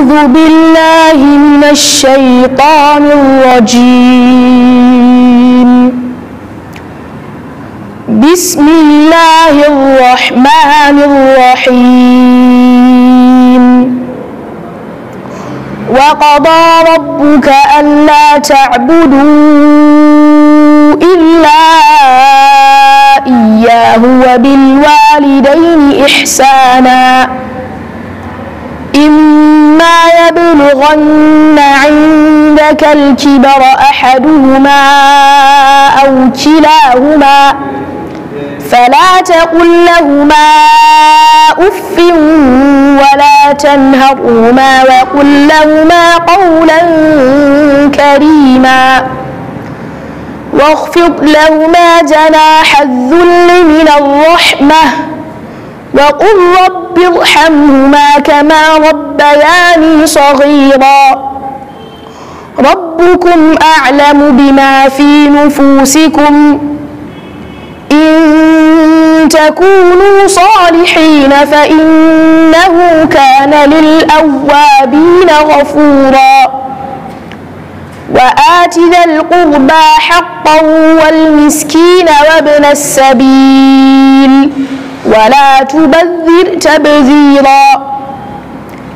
أعوذ بالله من الشيطان الرجيم بسم الله الرحمن الرحيم وقضى ربك ألا تعبدوا إلا إياه وبالوالدين إحساناً إما يبلغن عندك الكبر أحدهما أو كلاهما فلا تقل لهما أف ولا تنهرهما وقل لهما قولا كريما واخفض لهما جناح الذل من الرحمه وقل رب ارحمهما كما ربياني صغيرا ربكم أعلم بما في نفوسكم إن تكونوا صالحين فإنه كان للأوابين غفورا وآت ذا القربى حقا والمسكين وابن السبيل ولا تبذر تبذيرا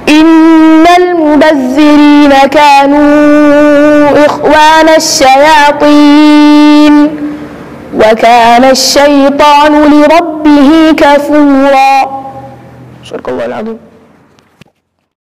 إن المبذرين كانوا إخوان الشياطين وكان الشيطان لربه كفورا صدق الله العظيم